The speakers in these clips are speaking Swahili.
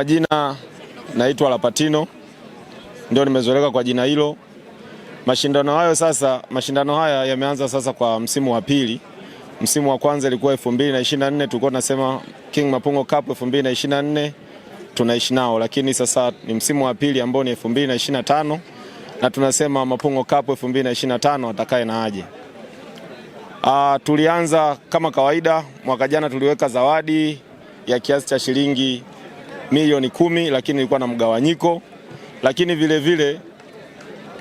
Majina naitwa Lapatino, ndio nimezoeleka kwa jina hilo. Mashindano hayo sasa, mashindano haya yameanza sasa kwa msimu wa pili. Msimu wa kwanza ilikuwa 2024 tulikuwa tunasema King Mapungo Cup 2024 tunaishi nao, lakini sasa ni msimu wa pili ambao ni 2025 na tunasema Mapungo Cup 2025 atakaye na aje. Ah, tulianza kama kawaida mwaka jana tuliweka zawadi ya kiasi cha shilingi milioni kumi, lakini ilikuwa na mgawanyiko. Lakini vilevile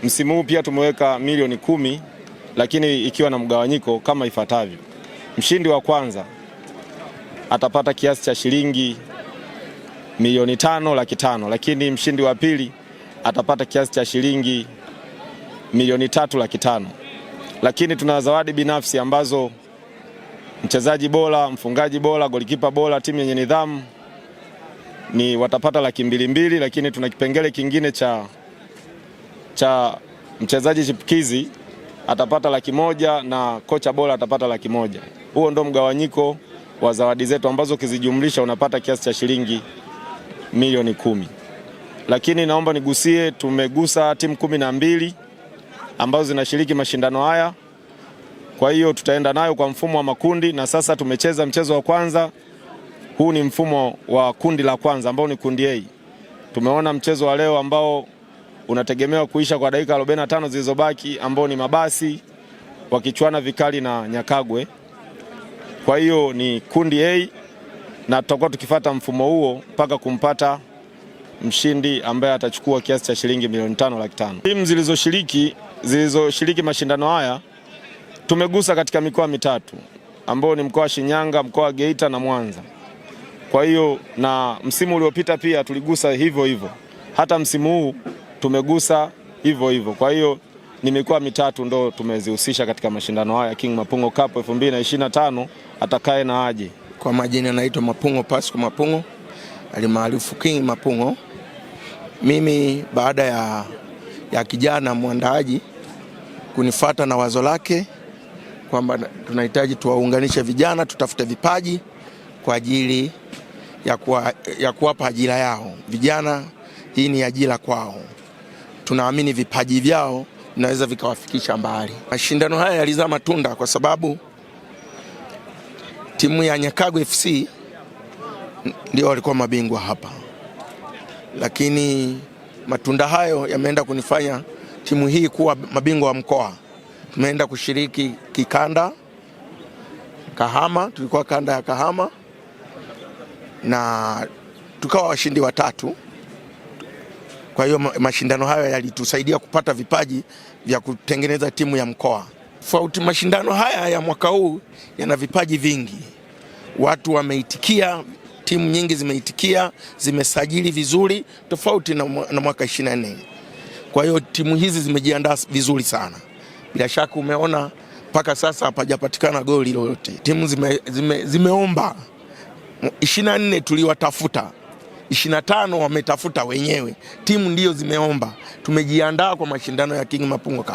msimu huu pia tumeweka milioni kumi, lakini ikiwa na mgawanyiko kama ifuatavyo: mshindi wa kwanza atapata kiasi cha shilingi milioni tano laki tano, lakini mshindi wa pili atapata kiasi cha shilingi milioni tatu laki tano. Lakini tuna zawadi binafsi ambazo mchezaji bora, mfungaji bora, golikipa bora, timu yenye nidhamu ni watapata laki mbili mbili, lakini tuna kipengele kingine cha, cha mchezaji chipukizi atapata laki moja na kocha bora atapata laki moja. Huo ndo mgawanyiko wa zawadi zetu ambazo ukizijumlisha unapata kiasi cha shilingi milioni kumi. Lakini naomba nigusie, tumegusa timu kumi na mbili ambazo zinashiriki mashindano haya. Kwa hiyo tutaenda nayo kwa mfumo wa makundi, na sasa tumecheza mchezo wa kwanza. Huu ni mfumo wa kundi la kwanza ambao ni kundi A. Tumeona mchezo wa leo ambao unategemewa kuisha kwa dakika 45 zilizobaki, ambao ni mabasi wakichuana vikali na Nyakagwe. Kwa hiyo ni kundi A na tutakuwa tukifata mfumo huo mpaka kumpata mshindi ambaye atachukua kiasi cha shilingi milioni tano laki tano. Timu zilizoshiriki zilizoshiriki mashindano haya tumegusa katika mikoa mitatu ambayo ni mkoa wa Shinyanga, mkoa wa Geita na Mwanza. Kwa hiyo na msimu uliopita pia tuligusa hivyo hivyo, hata msimu huu tumegusa hivyo hivyo. Kwa hiyo ni mikoa mitatu ndo tumezihusisha katika mashindano haya King Mapungo Cup 2025 atakaye na aje. Kwa majina naitwa Mapungo Pasco Mapungo alimaarufu King Mapungo. Mimi baada ya, ya kijana mwandaaji kunifata na wazo lake kwamba tunahitaji tuwaunganishe vijana tutafute vipaji kwa ajili ya, kuwa, ya kuwapa ajira yao vijana. Hii ni ajira kwao, tunaamini vipaji vyao vinaweza vikawafikisha mbali. Mashindano haya yalizaa matunda kwa sababu timu ya Nyakago FC ndio walikuwa mabingwa hapa, lakini matunda hayo yameenda kunifanya timu hii kuwa mabingwa wa mkoa. Tumeenda kushiriki kikanda Kahama, tulikuwa kanda ya Kahama na tukawa washindi watatu. Kwa hiyo mashindano hayo yalitusaidia kupata vipaji vya kutengeneza timu ya mkoa. Tofauti, mashindano haya ya mwaka huu yana vipaji vingi, watu wameitikia, timu nyingi zimeitikia, zimesajili vizuri, tofauti na mwaka 24. Kwa hiyo timu hizi zimejiandaa vizuri sana. Bila shaka umeona mpaka sasa hapajapatikana goli lolote, timu zime, zime, zimeomba ishirini na nne tuliwatafuta, ishirini na tano wametafuta wenyewe, timu ndio zimeomba. Tumejiandaa kwa mashindano ya King Mapungo.